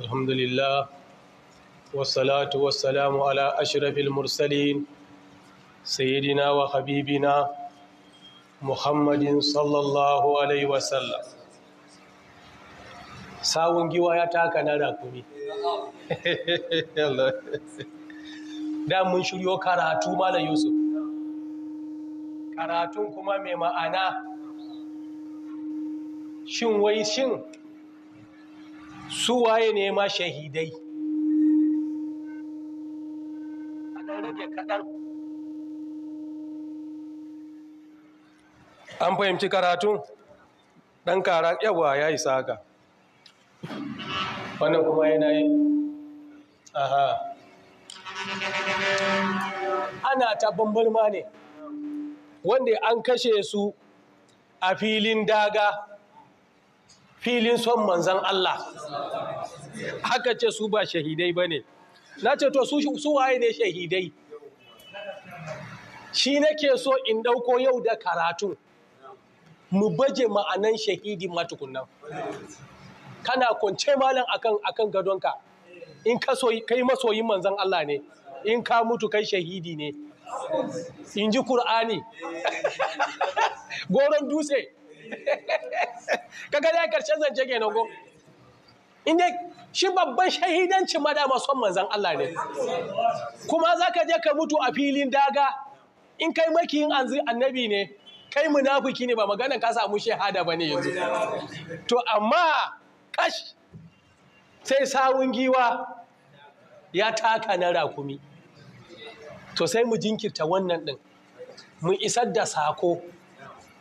الحمد لله والصلاة والسلام على أشرف المرسلين سيدنا وحبيبنا محمد صلى الله عليه وسلم sawun giwa ya taka na rakumi da mun shiryo karatu malam yusuf karatun kuma mai ma'ana shin wai shin su waye ne ma shahidai a ɗan rage kaɗan an fahimci karatun ɗan kara yawa ya isa haka wannan kuma yana yi aha ana ta bambalma ne wanda an kashe su a filin daga filin son manzan Allah haka ce su ba shahidai ba ne na ce to su waye ne shahidai shi nake so in ɗauko yau da karatu mu baje ma'anan shahidi matukunan kana kwance malam akan akan gadonka in ka kai masoyin manzan Allah ne in ka mutu kai shahidi ne in ji ƙur'ani goron dutse kaga dai karshen zance kenan ko inda shi babban shahidanci mada dama son manzan Allah ne kuma za ka je ka mutu a filin daga in kai makiyin annabi ne kai munafiki ne ba maganan ka samu shahada ba ne yanzu to amma kash sai sawun giwa ya taka na rakumi to sai mu jinkirta wannan ɗin mu isar da sako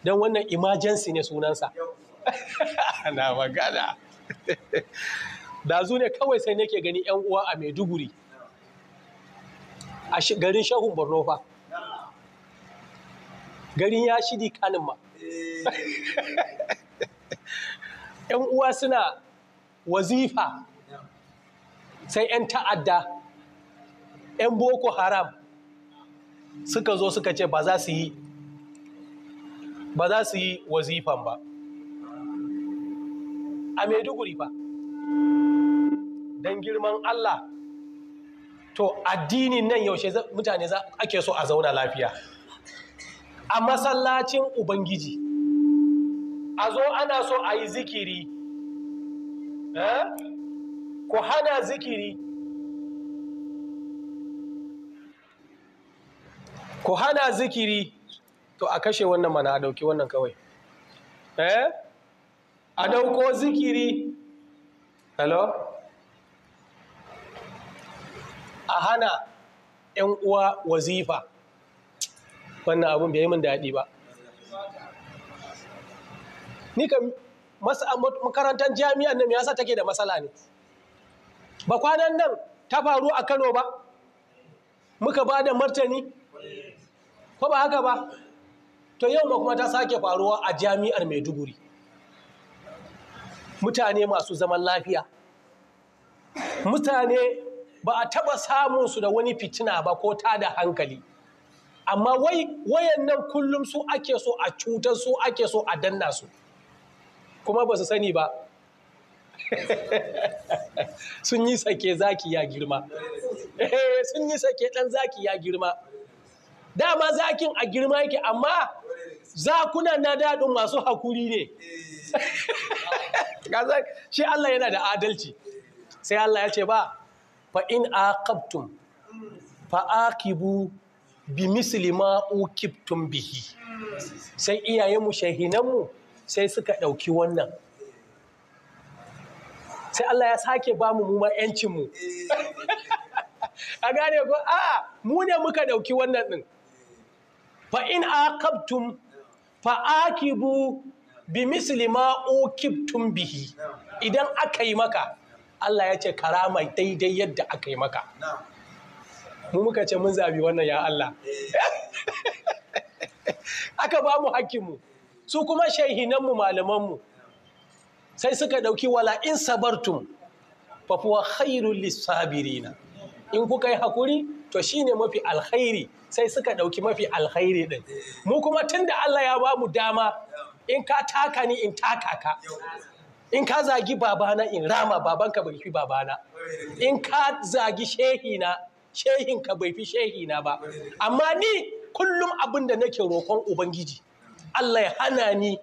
don wannan imajensi ne sunansa na magana da zu ne kawai sai nake gani yan uwa a maiduguri a garin shahun borno fa garin ya shidi kanin ma yan uwa suna wazifa sai yan ta'adda yan boko haram suka zo suka ce ba za su yi wazifan ba a maiduguri ba don girman allah to addinin nan yaushe mutane ake so a zauna lafiya a masallacin ubangiji a zo ana so a yi zikiri ko eh? ku hana zikiri ku hana zikiri to a kashe wannan mana a ɗauki wannan kawai eh a ɗauko zikiri hello a hana 'yan uwa wazifa wannan abun bai yi min daɗi ba ni kam makarantar jami'an nan yasa take da matsala ne ba kwanan nan ta faru a kano ba muka ba da martani ko ba haka ba to yau ma kuma ta sake faruwa a jami'ar maiduguri mutane masu zaman lafiya mutane ba a taɓa su da wani fitina ba ko ta da hankali amma wayan nan kullum su ake so a cutar su ake so a danna su kuma ba su sani ba sun yi sake zaki ya girma eh, sun yi sake ɗan zaki ya girma dama zakin a girma yake amma zakuna na daɗin masu hakuri ne shi Allah yana da adalci sai Allah ya ce ba fa in aqabtum fa aqibu bi misli ma uqibtum bihi sai iyaye mu shahinan mu sai suka ɗauki wannan sai Allah ya sake ba mu mu mu eh. A gane ko, a mu ne muka ɗauki wannan din. fa in aqabtum fa akibu bi misli ma ukibtum bihi idan aka yi maka Allah ya ce karama daidai yadda aka yi maka mu muka ce mun zabi wannan ya Allah aka ba mu su kuma malaman malamanmu sai suka ɗauki wala in sabartun fa hairun khairul in kuka yi hakuri to shine mafi alkhairi sai suka ɗauki mafi alkhairi ɗin mu kuma tun da Allah ya ba mu dama in ka taka ni in taka ka in ka zagi babana in rama babanka bai fi babana in ka zagi shehina ka bai fi shehina ba amma ni kullum abin da nake roƙon ubangiji Allah ya hana ni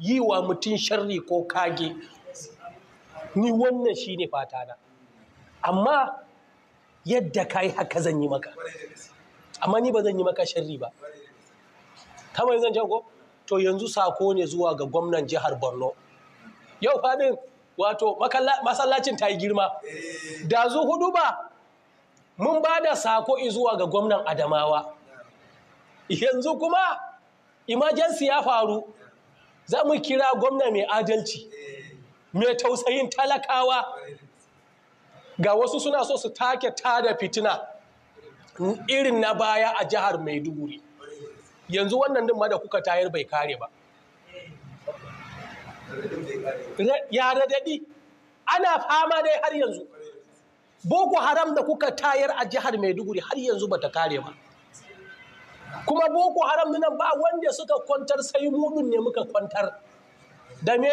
yi wa mutum sharri ko kage ni wannan shi shine fatana amma yadda ka yi haka zan yi maka amma ni ba zan yi maka sharri ba kama yi zancen to yanzu sako ne zuwa ga gwamnan jihar borno yau faɗin wato masallacin ta yi girma da zu hudu ba mun ba da sako zuwa ga gwamnan adamawa yanzu kuma imajensi ya faru za mu kira gwamna mai adalci mai tausayin talakawa ga wasu suna so su take tada fitina irin na baya a jihar maiduguri yanzu wannan din ma kuka tayar bai kare ba ya radadi ana fama dai har yanzu boko haram da kuka tayar a jihar maiduguri har yanzu ba ta kare ba kuma boko haram nan ba wanda suka kwantar sai mudun ne muka kwantar da me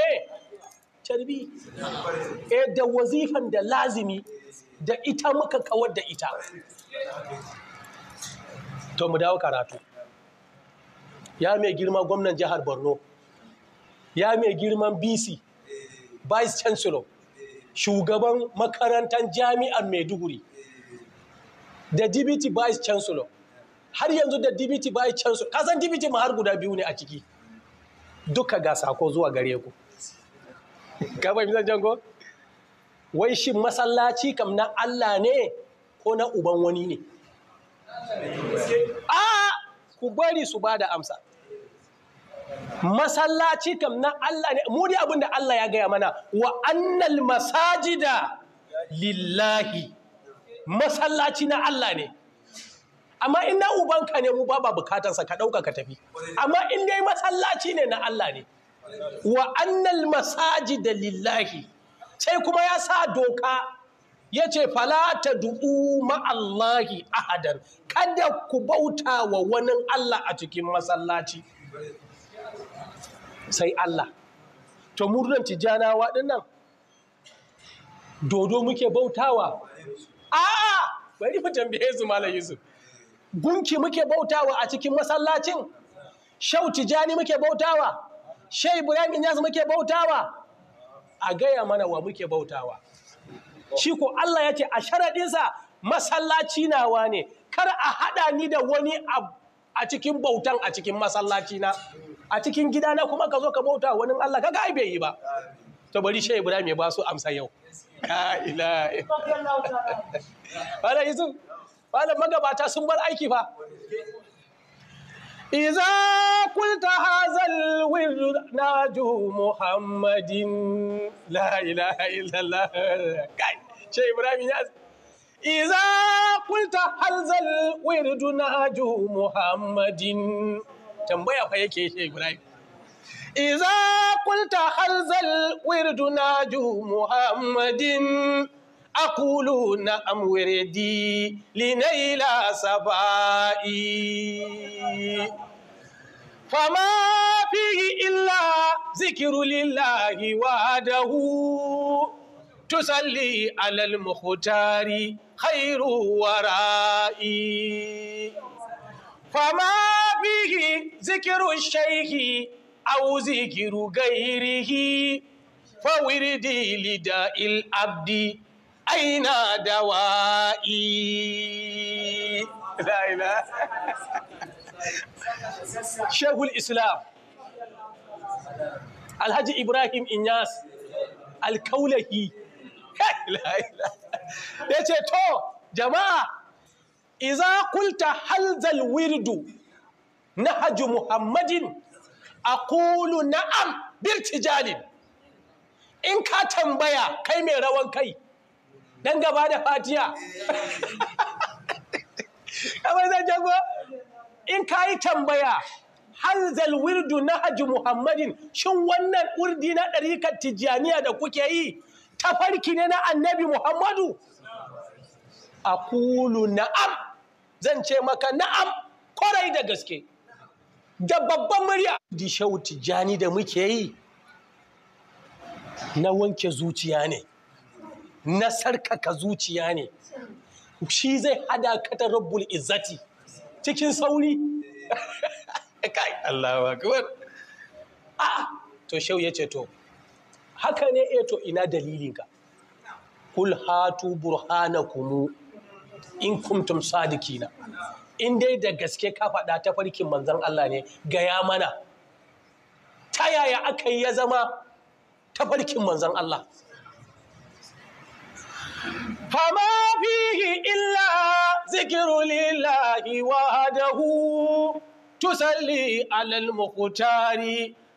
tarbi eh da wazifan da lazimi da ita muka kawar da ita to mu dawo karatu ya mai girma gwamnan jihar borno ya mai girman bc vice chancellor shugaban makarantar jami'ar maiduguri da dibiti vice chancellor har yanzu da dibiti vice chancellor kasan dibiti ma har guda biyu ne a ciki duka ga sako zuwa gare ku ka fahimci zancen ko wai shi masallaci kam na Allah ne ko na uban wani ne a ku bari su ba da amsa masallaci kam na Allah ne mu dai abinda Allah ya gaya mana wa annal masajida lillahi masallaci na Allah ne amma in na ubanka ne mu ba ba bukatansa ka ɗauka ka tafi amma in dai masallaci ne na Allah ne wa annal da lillahi sai kuma ya sa doka ya ce falata du'u ma'allahi hadar, kada ku bauta wa wani Allah a cikin masallaci sai Allah to murnan tijanawa waɗannan dodo muke bautawa a'a bari mu tambaye su malam Yusuf gunki muke bautawa a cikin masallacin shau tijani muke bautawa shai ibrahim inyas muke bautawa a gaya mana wa muke bautawa shi ko allah ya ce a sharaɗinsa masallaci nawa ne kar a haɗa ni da wani a cikin bautan a cikin masallaci na a cikin gidana kuma ka zo ka bauta wani allah kaga ai bai yi ba to bari shai ibrahim ya ba su amsa yau ka ila wala yusuf wala magabata sun bar aiki fa إذا قلت هذا الورد ناجو محمد لا إله إلا الله كاي شيء إبراهيم ياس إذا قلت هذا الورد ناجو محمد تنبيه فيك شيء إبراهيم إذا قلت هذا الورد ناجو محمد أقول نعم وردي لنيل سبائي فما فيه إلا ذكر لله وحده تصلي على المختار خير ورائي فما فيه ذكر الشيخ أو ذكر غيره فوردي لداء العبد أين دوائي لا إله shehul islam alhaji ibrahim inyas alkaulahi ya ce to jama'a iza kulta halzal wirdu na hajji muhammadin a kulu na'am birtijalin in ka tambaya kai mai rawan kai nan gaba da fatiya kamar jago in ka yi tambaya hanzal wirdu na haji muhammadin shin wannan urdi na ɗarikar tijjaniya da kuke yi ta farki ne na annabi muhammadu a kulu na'am zan ce maka na'am kwarai da gaske da babban murya di shau tijjani da muke yi na wanke zuciya ne na sarkaka zuciya ne shi zai hada ka rabbul izzati cikin sauri kai Allahu akbar a to shau ya ce to haka ne e to ina dalilinka kul hatu kunu in kuntum sadikina in dai da gaske ka faɗa ta farkin manzon Allah ne gaya mana ta yaya aka yi ya zama ta farkin manzon Allah فما فيه إلا ذكر لله وحده تسلي على المختار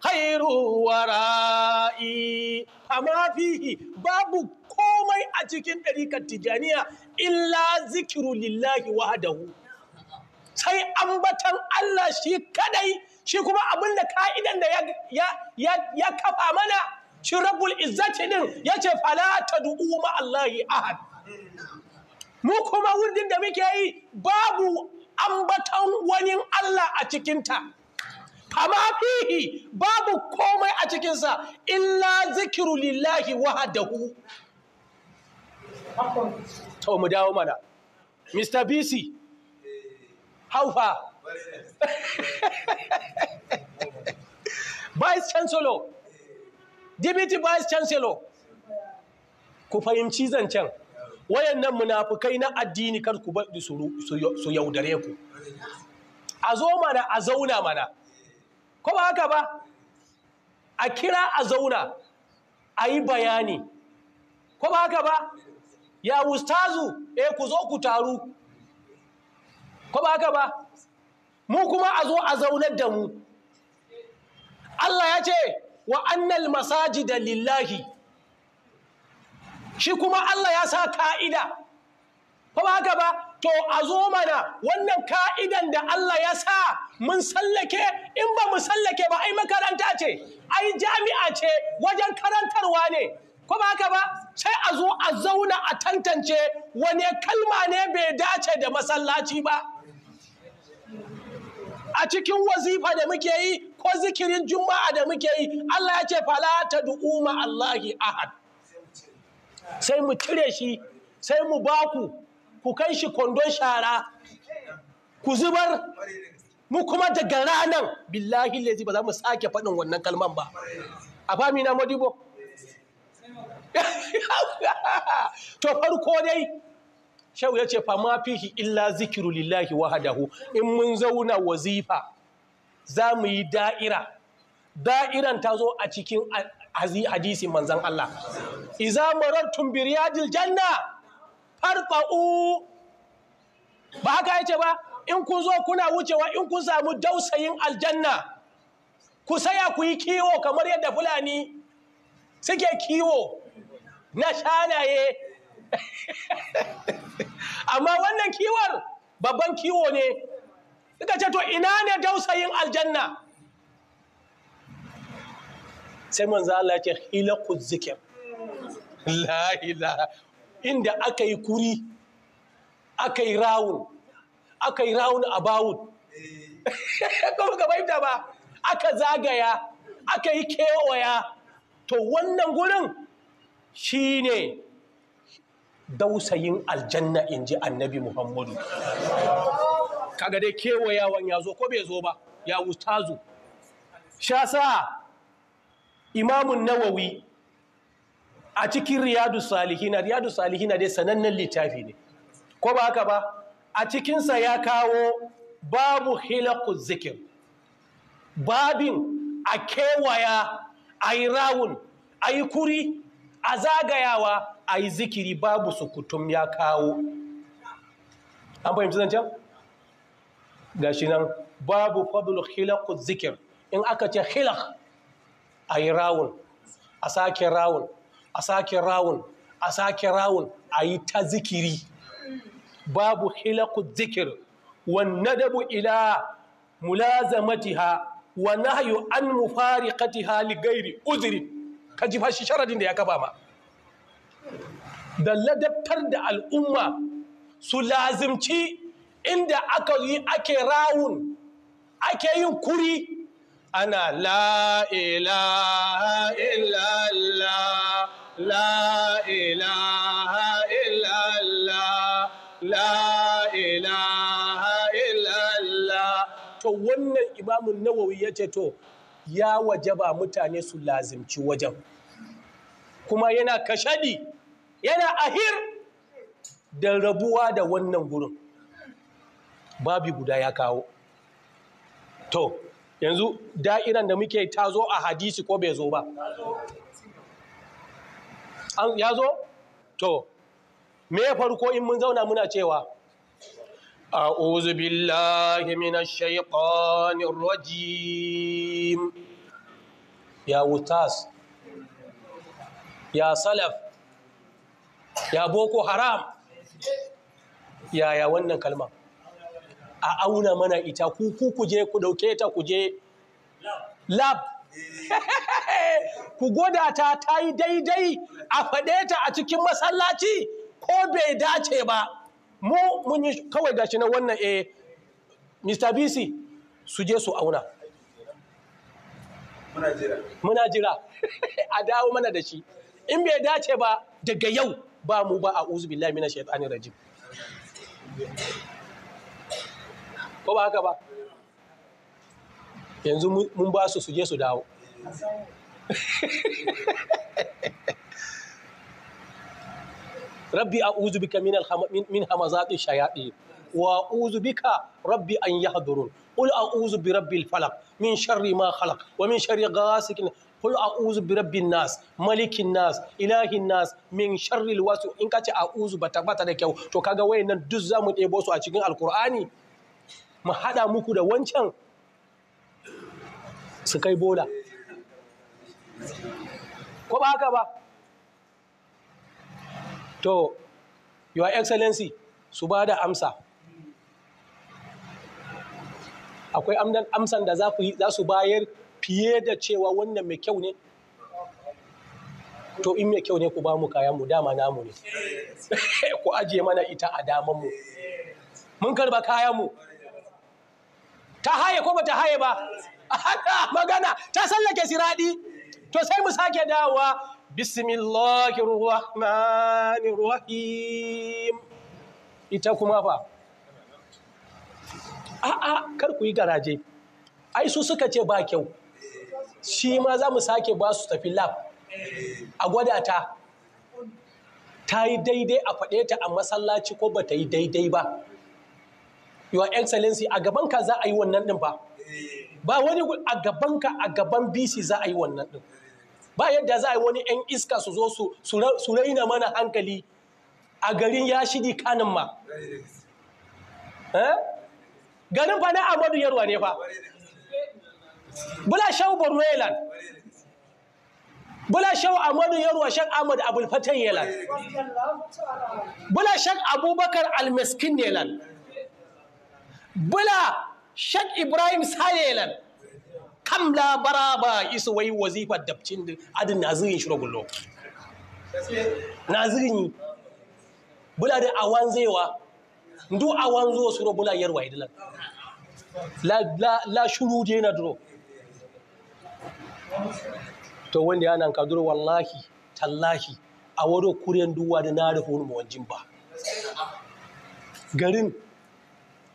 خير ورائي فما فيه باب komai a cikin ɗarikar tijaniya illa zikiru lillahi wahadahu sai ambatan Allah shi kadai shi kuma abin da ka'idan da ya kafa mana shi rabbul izzati din yace fala tad'u ma Allahi ahad mu kuma wurin da muke yi babu ambaton wani Allah a cikinta fama fihi babu komai a cikinsa illa zikiru lillahi wahadahu to mu dawo mana mr bc haufa vice chancellor deputy vice chancellor ku fahimci zancen wayannan munafukai na addini kar ku bari su yaudare ku a zo mana a zauna mana ko ba haka ba a kira a zauna a yi bayani ko ba haka ba ya ustazu eh ku zo ku taru ko ba haka ba mu kuma a zo a zaunar da mu Allah ya ce wa annal masajida lillahi shi kuma Allah ya sa ka'ida ba ba haka ba to a zo mana wannan ka'idan da Allah ya sa mun sallake in ba mu sallake ba ai makaranta ce ai jami'a ce wajen karantarwa ne ko ba haka ba sai a zo a zauna a tantance wane kalma ne bai dace da masallaci ba a cikin wazifa da muke yi ko zikirin juma'a da muke yi Allah ya ce fala ta du'uma Allahi ahad sai mu cire shi sai mu baku ku kai shi kwandon shara ku zubar mu kuma daga ranar billahi lezi ba za mu sake faɗin wannan kalman ba a fami na modibo to farko dai shau ya ce fama fihi illa zikiru lillahi wahadahu in mun zauna wazifa za mu yi da'ira da'iran ta zo a cikin hadisi manzan Allah iza marar tumbir riyadil janna farqa'u ba haka yace ba in kun zo kuna wucewa in kun samu dausayin aljanna ku saya ku yi kiwo kamar yadda fulani suke kiwo na shanaye amma wannan kiwon babban kiwo ne suka ce to ina ne dausayin aljanna sai manzo Allah ya ce hilaqu la ilaha inda aka yi kuri aka yi rawun aka yi rawun about kuma ka fahimta ba aka zagaya aka yi kewaya to wannan gurin shine dausayin aljanna in ji annabi muhammadu kaga dai kewayawan ya zo ko bai zo ba ya wuta zo sha sa imamun nawawi a cikin riyadu salihina riyadu salihina dai sanannen littafi ne ko ba haka ba a cikinsa ya kawo babu hilaku zikir babin a kewaya a yi rawun a yi kuri a zagayawa a yi zikiri babu sukutum ya kawo an fahimci zancen? gashi nan babu fadul hilaku zikir in aka ce hilak a yi rawun a sake rawun a sake rawun a sake rawun a yi ta zikiri babu hilaku zikir wannan dabu ila mulazamatiha wa nahyu an hali gairi ghairi Ka kaji fashi sharadin da ya kafa ma da ladabtar da al'umma su lazimci inda aka yi ake rawun ake yin kuri ana la ilaha la ilaha la ilaha la. to wannan imamun nawawi ya to ya wajaba mutane su lazimci wajen kuma yana kashadi yana ahir da rabuwa da wannan gurin Babu guda ya kawo to yanzu da'iran da muke ta zo a hadisi ko bai zo ba ya zo to me farko in mun zauna muna cewa a'udhu billahi minash shaitanir rajim ya wutas ya salaf ya boko haram ya ya wannan kalma a auna mana ita ku ku kuje ku ɗauke ta kuje lab ku gwada ta ta yi daidai a faɗe ta a cikin masallaci ko bai dace ba mu mun yi kawai gashi na wannan eh Mr. BC su je su auna muna jira a dawo mana da shi in bai dace ba daga yau ba mu ba a uzu billahi minash shaitanir rajim ko ba haka ba yanzu mun ba su suje su dawo rabbi a'udhu bika min min hamazati shayatin wa a'udhu bika rabbi an yahdurun qul a'udhu bi rabbil falaq min sharri ma khalaq wa min sharri ghasikin qul a'udhu bi rabbin nas malikin nas ilahin nas min sharri wasu in ka kace a'udhu bata bata da kyau to kaga wayannan duk zamu ɗebo su a cikin alkur'ani mu haɗa muku da wancan su kai bola ko ba haka ba to your excellency su ba da amsa akwai amsan da za su bayar fiye da cewa wannan mai kyau ne to in mai kyau ne ku ba mu kaya mu dama namu ne ku ajiye mana ita a damanmu mun karba kaya mu ta haye ko ba ta haye ba haka magana ta sallake siradi to sai mu sake dawowa bismillahir rahmanir rahim ita kuma fa a'a kar ku yi garaje ai su suka ce ba kyau shi ma za mu sake ba su tafi lab a gwada ta ta yi daidai a faɗe ta a masallaci ko ba ta yi daidai ba your excellency a gabanka za a yi wannan din ba ba wani a gabanka a gaban bc za a yi wannan din ba yadda za a yi wani 'yan iska su zo su raina mana hankali a garin ya shidi kanin ma eh? garin fa na amadu yarwa ne fa bula shau borno yelan bula shau amadu yarwa shan amadu abulfatan yelan bula shan abubakar almaskin yelan bula shak ibrahim sayelan kam labara ba isa wai wazifar dabcin adin nazirin shiro gullo. nazirin bula da awan zaiwa ndu awan zuwa suro bula yarwa idilan la shuru je na duro to wanda ya nan kaduro wallahi tallahi a wado kuren duwa da na rufe wani mawancin ba garin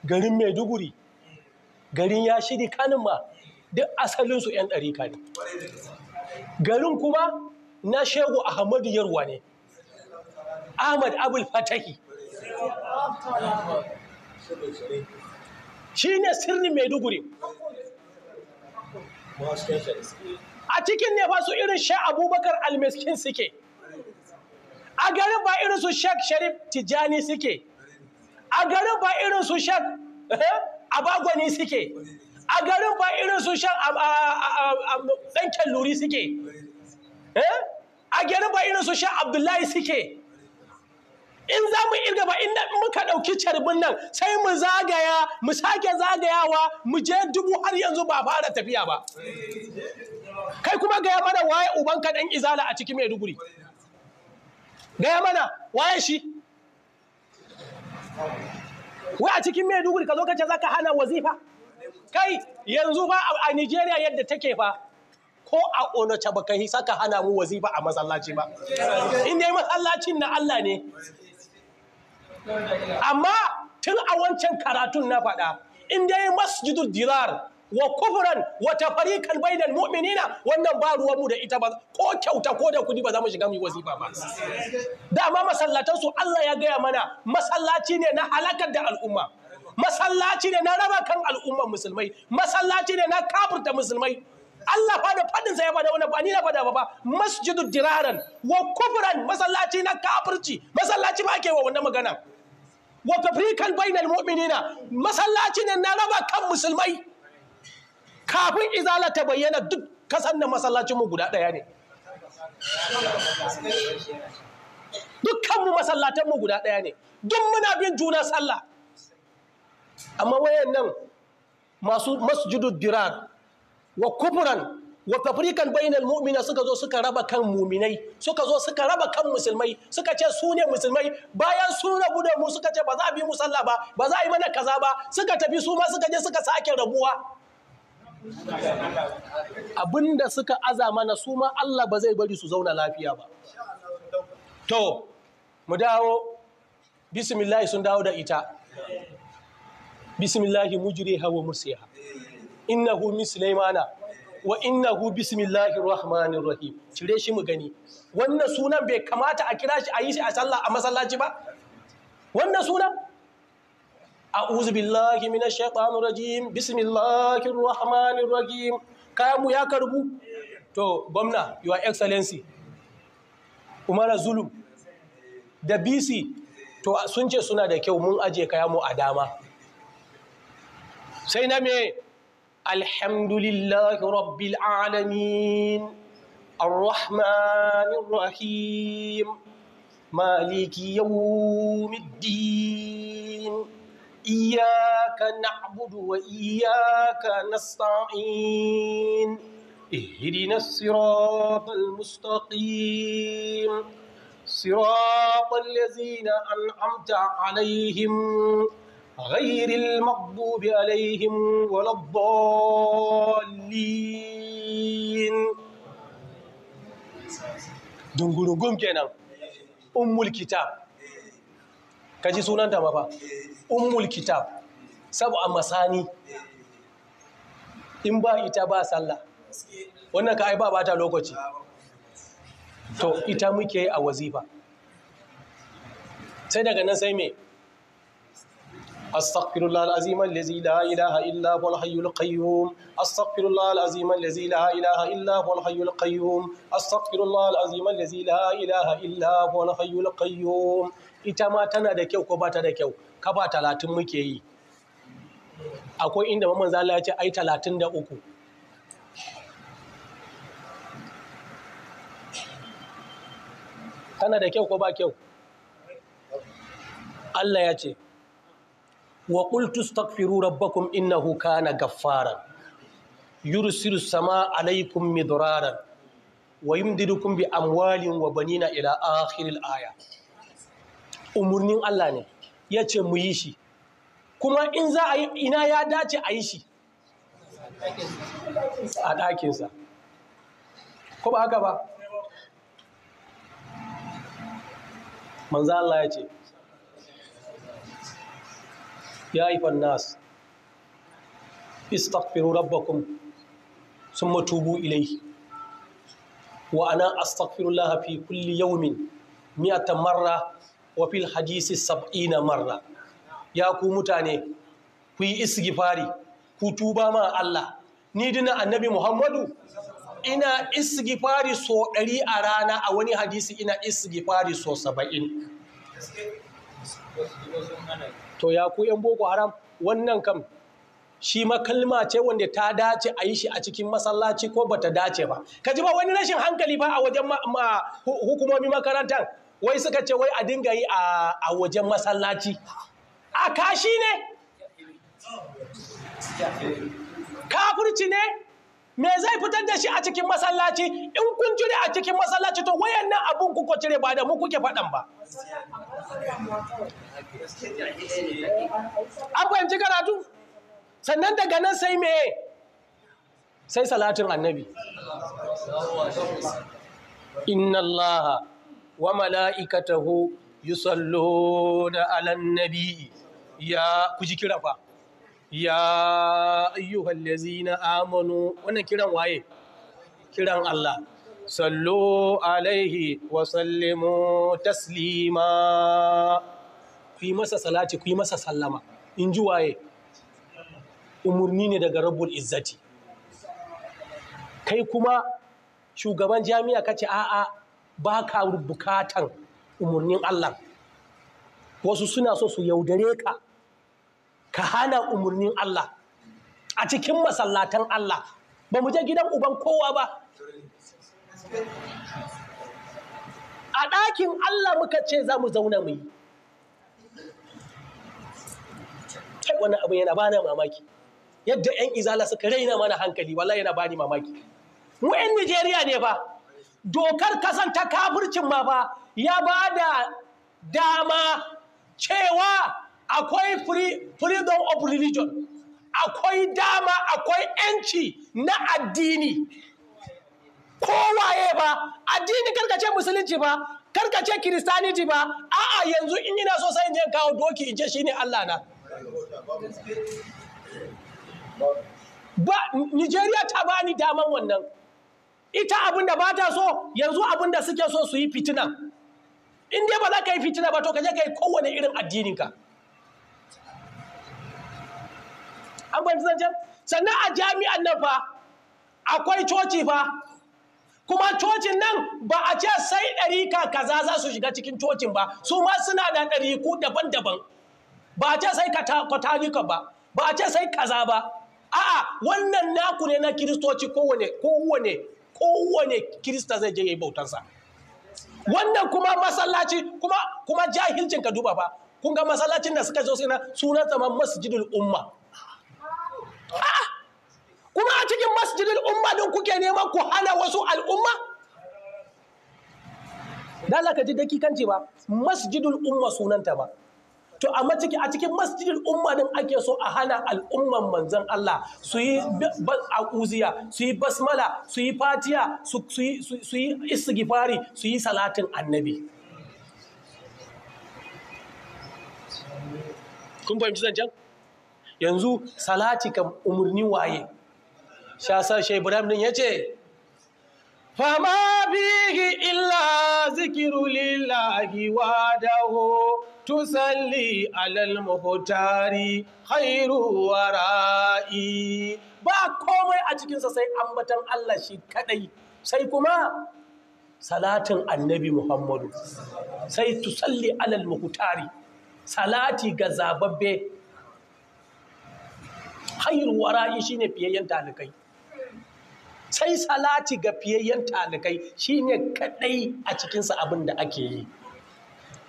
garin maiduguri garin ya shiri ma duk asalinsu 'yan ɗarika ne garin kuma na shegu ahmadu yarwa ne ahmad abul fatahi shi ne sirrin maiduguri a cikin ne ba su irin sha abubakar almiskin suke a garin ba irin su shek sharif Tijjani suke a garin ba irin su shan eh, bagwani suke a garin ba irin su shan ɗan luri suke eh, a garin ba irin su shan abdullahi suke in za mu irga ba inda muka ɗauki carbin nan sai mu zagaya mu sake zagayawa mu je dubu har yanzu ba fara tafiya ba kai kuma gaya mana waye ubanka ɗan izala a cikin maiduguri gaya mana waye shi wai a cikin maiduguri ka zo ka ce za ka hana wazifa kai yanzu ba a nigeria yadda take fa ko a onace baka yi saka hana mu wazifa a masallaci ba in dai masallacin na allah ne amma tun a wancan karatun na faɗa in dai masjidul dirar wa kufran wa tafarikan bainal mu'minina wannan ba ruwan mu da ita ba ko kyauta ko da kudi ba za mu shiga mu yi wazifa ba ma masallatan su Allah ya gaya mana masallaci ne na halakar da al'umma masallaci ne na raba kan al'umman musulmai masallaci ne na kafirta musulmai Allah fa da fadin sa ya fada wani ba ni na bada ba masjidud diraran wa kufran masallaci na kafirci masallaci ba ke wa wannan magana wa tafrikan bainal mu'minina masallaci ne na raba kan musulmai kafin izala ta bayyana duk kasan da masallacinmu guda ɗaya ne dukkanmu masallatanmu guda ɗaya ne duk muna bin juna sallah amma wayan masu masjidu dirar wa kufuran wa tafrikan bainal mu'mina suka zo suka raba kan muminai suka zo suka raba kan musulmai suka ce su ne musulmai bayan su rabu da mu suka ce ba za a bi mu ba ba za a yi mana kaza ba suka tafi su ma suka je suka sake rabuwa abinda suka aza mana su ma Allah ba zai bari su zauna lafiya ba to mu dawo bismillahi sun dawo da ita bismillahi mujriha wa mursiha innahu min wa innahu bismillahi rahmanir rahim cire shi mu gani wannan sunan bai kamata a kira shi a yi shi a sallah a masallaci ba wannan sunan a'udhu billahi minash shaitanir rajim bismillahir rahmanir rahim kayan ya karbu to gwamna your excellency umara zulum da bc to sun ce suna da kyau mun aje kayanmu a dama sai na me alhamdulillahi rabbil alamin arrahmanir rahim maliki yawmiddin إياك نعبد وإياك نستعين اهدنا الصراط المستقيم صراط الذين أنعمت عليهم غير المغضوب عليهم ولا الضالين دنقلوا قوم كنا أم الكتاب ka ji sunanta ma fa ummul kitab sabu a masani in ba ita ba sallah wannan ka ai ba bata lokaci to ita muke a wazifa sai daga nan sai me أستغفر الله العظيم الذي لا إله إلا هو الحي القيوم أستغفر الله العظيم الذي لا إله إلا هو الحي القيوم أستغفر الله العظيم الذي لا إله إلا هو الحي القيوم ita ma tana da kyau ko ba ta da kyau Ka ba talatin muke yi akwai inda mamman zala ya ce ai talatin da uku tana da kyau ko ba kyau Allah ya ce wa qultu astaghfiru rabbakum innahu kana gaffaran yursilu sama alaikum midraran wa yumdidukum bi amwalin wa banina ila akhiril aya umarnin Allah ne ya ce mu yi shi kuma in za a yi ina ya dace a yi shi a ɗakinsa ko ba haka ba manzo Allah ya ce ya ayyuhan nas istaghfiru rabbakum summa tubu ilayhi wa ana astaghfirullah fi kulli yawmin mi'ata marra wa hadisi sab'ina marra ya ku mutane ku yi isgifari ku tuba ma Allah ni dina annabi Muhammadu ina isgifari so ɗari a rana a wani hadisi ina isgifari so saba'in to ya ku yan boko haram wannan kam shi makalma ce wanda ta dace a yi shi a cikin masallaci ko bata dace ba ka ji ba wani rashin hankali ba a wajen hukumomi makarantar wai suka ce wai a dinga yi a wajen masallaci a kashi ne Kafurci ne me zai fitar da shi a cikin masallaci in kun cire a cikin masallaci to wayan nan abun kuka cire ba da mu kuke faɗan ba an fahimci karatu sannan daga nan sai me sai salatin annabi inna allaha wa mala’ikatahu yi sallo da alan ya kuji kira fa ya ayyuhal lazi na amonu wannan kiran waye kiran Allah sallo alaihi wa sallimu taslima kuyi masa salati kuyi masa sallama in ji waye umarni ne daga rabbul izzati kai kuma shugaban jami'a kace a'a ba ka bukatan umarnin Allah wasu suna so su yaudare ka ka hana umarnin Allah a cikin masallatan Allah ba mu je gidan uban kowa ba a ɗakin Allah muka ce za mu zauna mu yi kai wannan abin yana bana mamaki yadda 'yan izala suka raina mana hankali wallahi yana bani mamaki mu 'yan Nijeriya ne ba dokar kasan ta kafircin ma ba ya ba da dama cewa akwai freedom of religion akwai dama akwai yanci na addini kowaye ba addini karkace musulunci ba karkace kiristaniti ba a'a yanzu in yi so sai yin kawo doki in ce shi ne Allah na ba Nigeria ta bani daman wannan ita abin da ba ta so yanzu abin da suke so su yi fitina in dai ba za ka yi fitina ba to ka je ka yi kowane irin addininka an zancen sannan a jami'an nan fa akwai coci fa kuma cocin nan ba a ce sai ka kaza za su shiga cikin cocin ba su ma suna da ku daban-daban ba a ce sai katolika ba ba a ce sai kaza ba a'a wannan naku ne na kiristoci kowane kowane kowane kirista zai je ya yi bautansa wannan kuma masallaci kuma kuma jahilcin ka duba ba kun ga masallacin da suka zo suna na sunan zama masjidul umma ah! kuma a cikin masjidul umma don kuke neman ku hana wasu al'umma da ka ji dakikanci ba masjidul umma sunanta ba to a a cikin masjidin umma din ake so a hana al'umman manzan Allah su yi auziya su yi basmala su yi fatiya su yi isigifari su yi salatin annabi kun fahimci zancen yanzu salati kan umarni waye shasar shai ibrahim din ya ce fama bihi illa zikiru lillahi wadahu tusalli alal muhtari khairu wara'i ba komai a cikinsa sai ambatan Allah shi kadai sai kuma salatin annabi Muhammadu sai tusalli alal muhtari salati ga zababbe khairu wara'i shine fiyayyen talikai sai salati ga fiyayyen talikai shine kadai a cikinsa abin da ake yi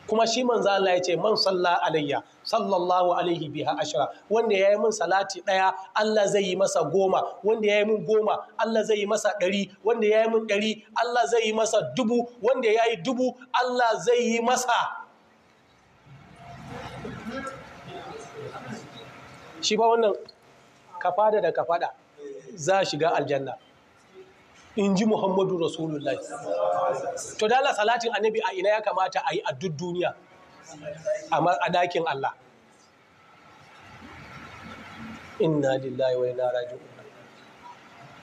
kuma shi manzo Allah ya ce man salla alayya sallallahu alaihi biha ashra wanda yayi min salati daya Allah zai yi masa goma wanda yayi min goma Allah zai yi masa ɗari wanda yayi min ɗari Allah zai yi masa dubu wanda yayi dubu Allah zai yi masa shi ba wannan kafada da ka faɗa za shiga aljanna in ji muhammadu rasulullahi to dala salatin annabi a ina ya kamata a yi a duk duniya a dakin allah inna lillahi wa inna raji'un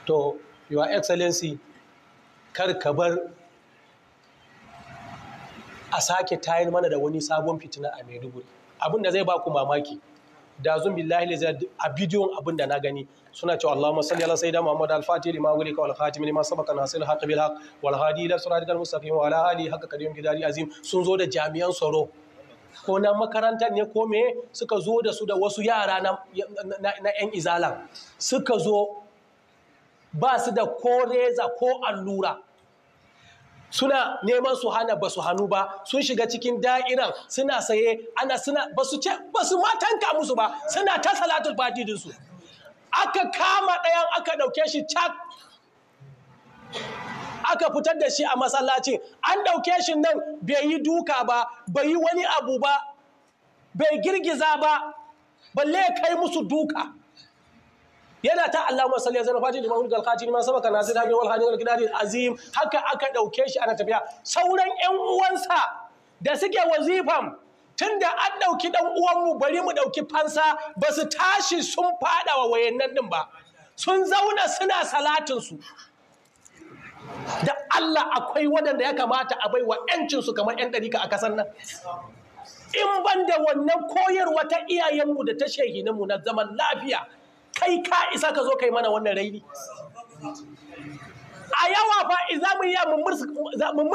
to your excellency kar ka bar a sake tayar mana da wani sabon fitina a maiduguri abin da zai ba ku mamaki da zun billahi a bidiyon abin da na gani suna cewa Allahumma salli ala sayyidina Muhammad al-Fatih lima wulika al khatim lima sabaka nasil haqq bil haqq wal hadi ila siratal mustaqim wa ala ali gidari azim sun zo da jami'an tsaro ko na makarantar ne ko me suka zo da su da wasu yara na yan izalan suka zo ba su da ko reza ko allura suna neman su hana ba su hannu ba sun shiga cikin da'iran suna saye ana suna ba su ce ba su matanka musu ba suna ta salatul fati aka kama ɗayan aka ɗauke shi cak aka fitar da shi a masallacin an ɗauke shi nan bai yi duka ba bai yi wani abu ba bai girgiza ba balle kai musu duka yana ta Allahumma salli ala fati liman ulgal khatimi man sabaka nasir hadi wal hadi al azim haka aka dauke shi ana tafiya sauran ƴan uwansa da suke wazifan tunda an dauki dan mu bari mu dauki fansa ba su tashi sun fada wa wayannan din ba sun zauna suna salatin su da Allah akwai waɗanda ya kamata a baiwa ‘yancinsu kamar ‘yan ɗarika a kasar nan. In ban da wannan koyarwa ta iyayenmu da ta shehinanmu na zaman lafiya kai ka isa ka zo kai mana wannan raini a yawa fa za mu iya mu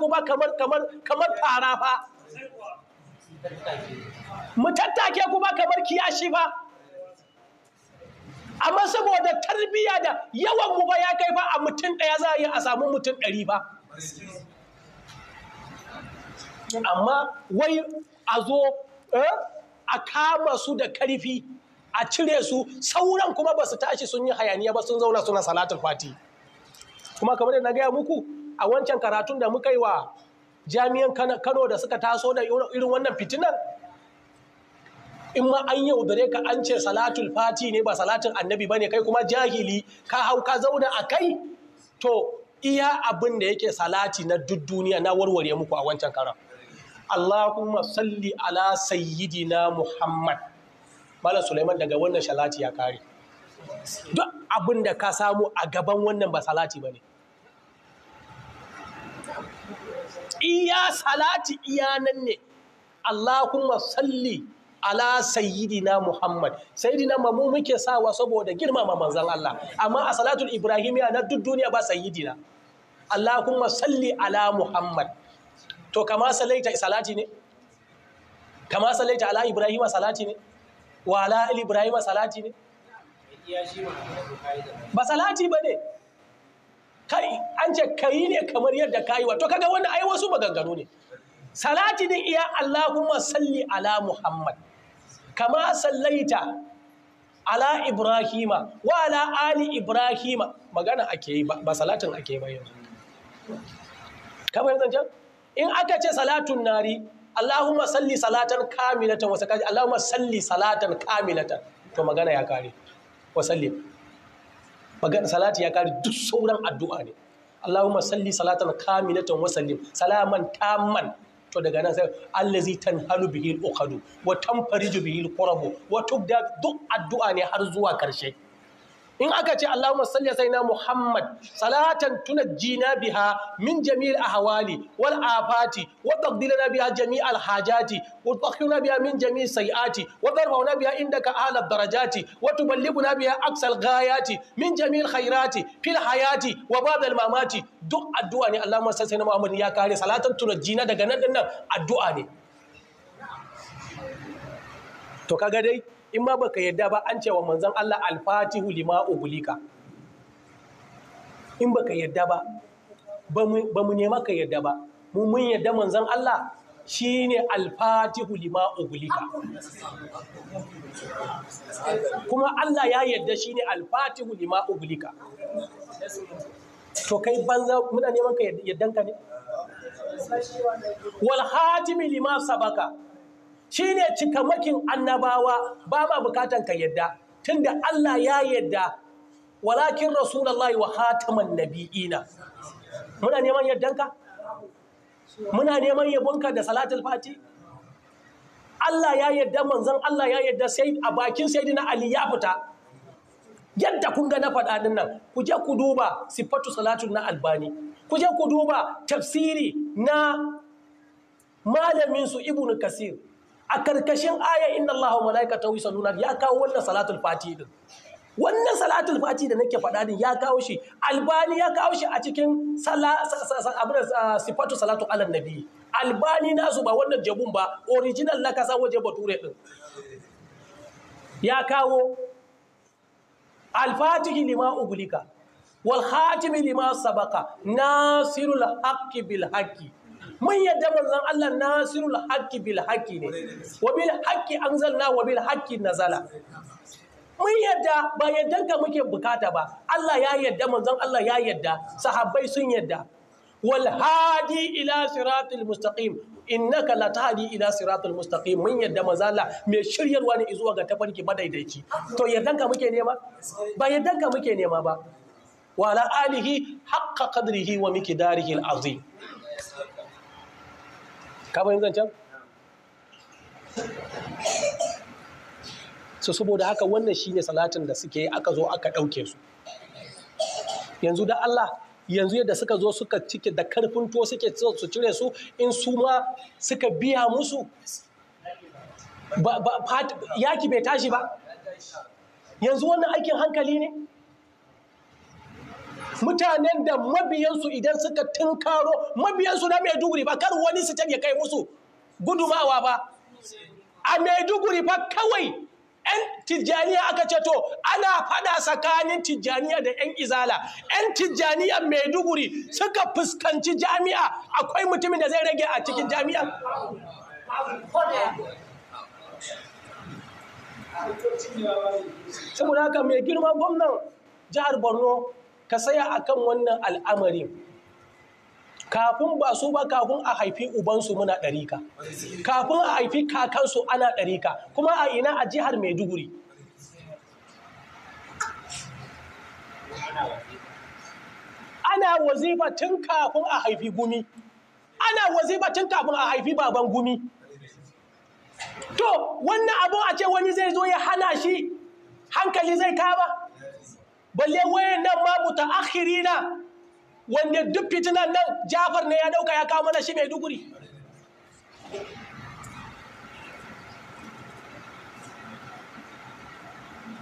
kuba kamar kamar kamar fara fa mu tattake ku ba kamar kiyashi fa amma saboda tarbiyya da yawan mu ba ya kai fa a mutum ɗaya za a yi a samu mutum ɗari ba amma wai a zo eh, a kama su da karfi a cire su sauran kuma ba su tashi sun yi hayaniya ba sun zauna suna salatul fati kuma kamar da na gaya muku a wancan karatun da muka yi wa jami'an kano da suka taso da irin wannan fitinan in ma an yaudare ka an ce salatul fati ne ba salatin annabi ba ne kai kuma jahili ka hau ka zauna a kai to iya abin da yake salati na duk duniya na warware muku a wancan karan Allahumma salli ala sayyidina Muhammad malam Sulaiman daga wannan shalati ya kare duk abin da ka samu a gaban wannan ba salati ba ne iya salati iya nan ne Allahumma salli ala sayyidina Muhammad sayyidina mu muke sawa saboda girmama manzon Allah amma a salatul ya na duk duniya ba sayyidina Allahumma salli ala Muhammad to kama salaita salati ne kama salaita ala ibrahima salati ne wa ala ali ibrahim salati ne ba salati ba ne kai an ce kai ne kamar yadda kai wato to kaga wanda ai wasu maganganu ne salati din iya allahumma salli ala muhammad kama sallaita ala ibrahima wa ala ali ibrahima magana ake yi ba salatin ake yi ba yanzu kamar yanzu in aka ce salatun nari Allahumma salli salatan kamilatan wasu kaji Allahumma salli salatan kamilatan to magana ya kare wa salli magana salati ya kare duk sauran addu'a ne Allahumma salli salatan kamilatan wa sallim salaman tamman to daga nan sai allazi tanhalu bihil uqadu wa tanfariju bihil qurabu wa tubda duk addu'a ne har zuwa karshe in aka ce Allahumma salli ala sayyidina Muhammad salatan jina biha min jami'il hawali, wal afati wa na biya jami'al hajati wa tahiruna biya min jami'i sayyiati wa tarfa'una biha indaka a'la darajati wa na biya aksal gayati, min jami'il khairati fil hayati wa ba'da mamati duk addu'a ne Allahumma salli sayyidina Muhammad ya kare salatan jina daga nan addu'a ne to kaga dai in ma baka yadda ba an cewa manzon Allah alfatihu lima ugulika in baka yadda ba ba mu nema ka yadda ba mu mun yadda manzon Allah shine alfatihu lima ugulika kuma Allah ya yadda shine alfatihu lima ugulika to kai banza muna neman ka yaddanka ne wal hatimi lima sabaka Shi shine cikamakin annabawa ba ma bukatan ka yadda tunda Allah ya yadda walakin rasulallah wa hataman nabi'ina muna neman yaddanka muna neman yabonka da salatul fati Allah ya yadda manzon Allah ya yadda sai a bakin sayyidina Ali ya fita yadda kun ga na faɗa din nan ku je ku duba siffatu salatun na albani ku je ku duba tafsiri na malamin su ibnu kasir a karkashin aya inna Allahu wisa yusalluna ya kawo wannan salatul fati din wannan salatul fati da nake faɗa din ya kawo shi albani ya kawo shi a cikin ah, sifatu salatu alan nabi albani nasu ba wannan jabun ba original na kasa waje bature din ya kawo alfatihi lima ugulika Walhatimi khatimi lima sabaka nasirul haqqi bil haqqi mun yadda manzon Allah nasirul haqqi bil haqqi ne wa bil haqqi anzalna wa bil haqqi nazala mun yadda ba yaddan ka muke bukata ba Allah ya yadda manzon Allah ya yadda sahabbai sun yadda wal hadi ila siratil mustaqim innaka la tahdi ila siratil mustaqim mun yadda mazala mai shiryarwa ne zuwa ga tafarki madaidaici to yaddan ka muke nema ba yaddan ka muke nema ba wa alihi haqqa qadrihi wa miqdarihi al-azim ka fahimtar can su saboda haka wannan shine salatin da suke aka zo aka ɗauke su yanzu da Allah yanzu yadda suka zo suka cike da karfin to suke su cire su in su ma suka biya musu yaki bai tashi ba yanzu wannan aikin hankali ne mutanen da mabiyansu idan suka tunkaro mabiyansu na maiduguri ba kar wani su ya kai musu gudumawa ba a maiduguri ba kawai 'yan tijjaniya aka ce to ana fada tsakanin tijjaniya da 'yan izala 'yan tijjaniya maiduguri suka fuskanci jami'a akwai mutumin da zai rage a cikin jami'a saboda haka mai girman gwamnan jihar borno ka tsaya akan wannan al'amarin kafin ba su ba kafin a haifi ubansu muna ɗarika kafin a haifi kakansu ana ɗarika kuma a ina a jihar maiduguri ana wazifa tun kafin a haifi gumi ana wazifa tun kafin a haifi baban gumi to wannan abu a ce wani zai zo ya hana shi hankali zai kaba balle wayan nan ma mutaakhirina wanda duk fitinan nan Jafar ne ya dauka ya kawo mana shi mai duguri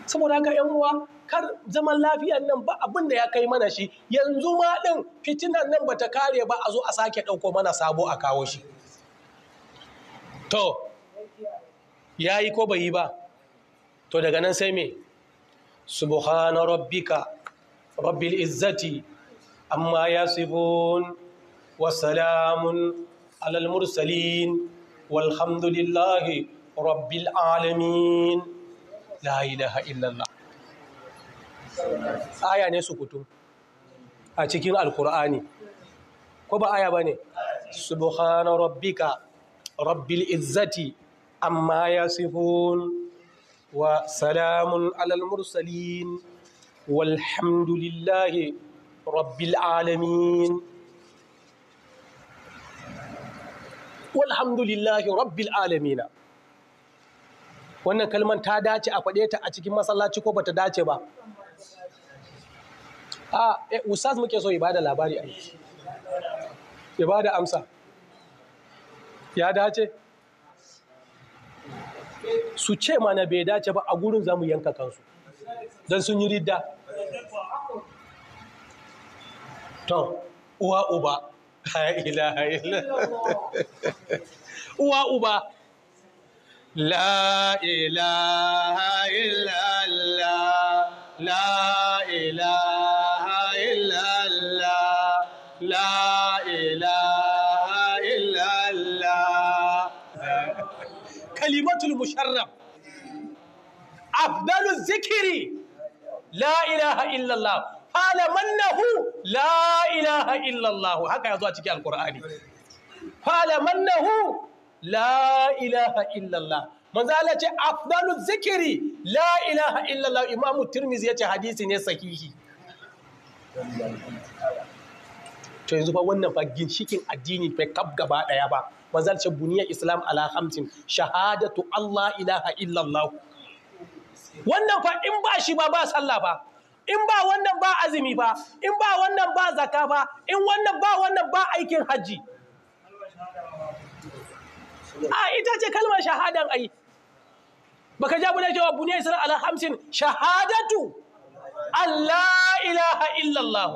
saboda haka yan uwa kar zaman lafiyar nan ba abin da ya kai mana shi yanzu ma din fitinan nan bata kare ba a zo a sake dauko mana sabo a kawo shi to yayi ko bai yi ba to daga nan sai me subhana rabbika rabbil izzati amma yasifun wa salamun alal mursalin walhamdulillahi rabbil alamin la ilaha illallah aya ne su kutu a cikin alkur'ani ko ba aya ba ne subhana rabbika rabbil izzati amma yasifun وسلام على المرسلين والحمد لله رب العالمين walhamdulillahi rabbil alamina wannan kalman ta dace a faɗe ta a cikin masallaci ko bata dace ba a eh, ustaz muke so ibada labari a ibada amsa ya dace su ce mana bai dace ba a gurin za mu yanka kansu don sun yi ridda to uwa uba uwa uba la ilaha illallah la ila. khalifatul musharraf afdalu zikiri la ilaha illallah qala mannahu la ilaha illallah haka yazo a cikin alqur'ani qala mannahu la ilaha illallah manzo Allah ce afdalu zikiri la ilaha illallah imamu tirmizi yace hadisi ne sahihi to yanzu fa wannan fa ginshikin addini fa kaf gaba daya ba manzal ce buniya islam ala hamsin shahadatu allah ilaha illallah wannan fa in ba shi ba ba sallah ba in ba wannan ba azumi ba in ba wannan ba zaka ba in wannan ba wannan ba aikin hajji a ita ce kalmar shahadan ai baka ja bude cewa Buniyar islam ala hamsin shahadatu allah ilaha illallah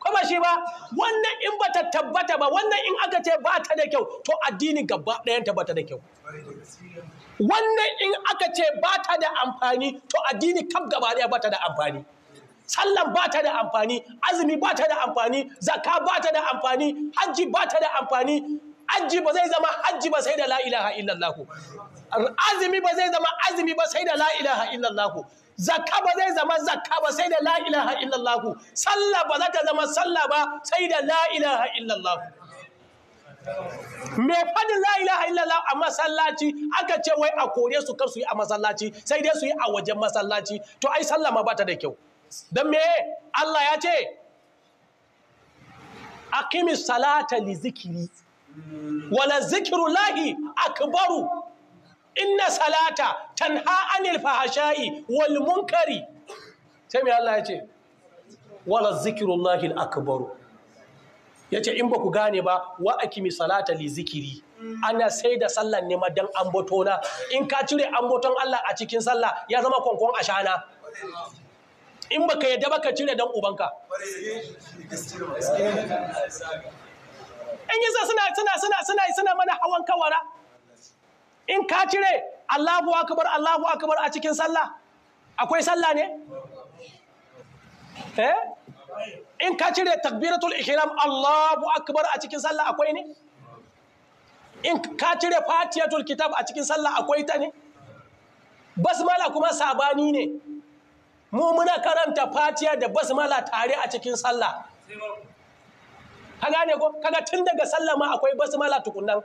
ko ba shi ba wannan in ba ta tabbata ba wannan in aka ce ba ta da kyau to addini gaba ɗayan ta ba ta da kyau wannan in aka ce ba ta da amfani to addini kaf gaba ɗaya ba ta da amfani sallan ba ta da amfani azumi ba ta da amfani zaka ba ta da amfani hajji ba ta da amfani hajji ba zai zama hajji ba sai da la ilaha illallah azumi ba zai zama azumi ba sai da la ilaha illallah zakka ba zai zama zakka ba sai da la ilaha illallah sallah ba za ta zama sallah ba sai da la ilaha illallah me faɗin la ilaha illallah a masallaci aka ce wai a kore su kar su yi a masallaci sai dai su yi a wajen masallaci to ai sallah ma bata da kyau dan me Allah ya ce aqimis salata li zikri wala lahi akbaru inna salata tanha anil fahasha'i wal munkari sai mai Allah ya ce wala zikirullahi akbaru ya ce in ba ku gane ba wa akimi salata li zikiri ana sai da sallan ne madan ambato na in ka cire ambaton Allah a cikin sallah ya zama kwankwan ashana in baka yadda ba ka cire dan ubanka in yasa suna suna suna suna suna mana hawan kawara in ka cire Allahu akbar Allahu akbar a cikin sallah akwai sallah ne eh in ka cire takbiratul ihram Allahu akbar a cikin sallah akwai ne in ka cire fatiyatul kitab a cikin sallah akwai ta ne basmala kuma sabani ne mu muna karanta fatiya da basmala tare a cikin sallah ka gane ko kaga tun daga sallah ma akwai basmala tukunan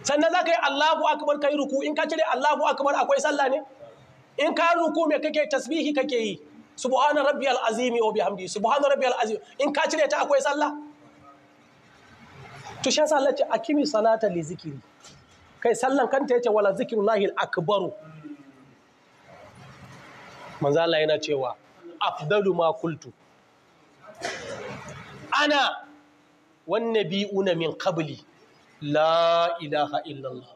sannan za ka yi Allahu akbar ka yi ruku in ka cire Allahu akbar akwai sallah ne in ka ruku me kake tasbihi kake yi subhana rabbiyal azimi wa bihamdi subhana rabbiyal azim in ka cire ta akwai sallah to shi yasa Allah ce akimi salata li zikiri kai sallan kanta yace wala zikrullahi akbaru manzo Allah yana cewa afdalu ma kultu ana wan nabiyuna min qabli la ilaha illallah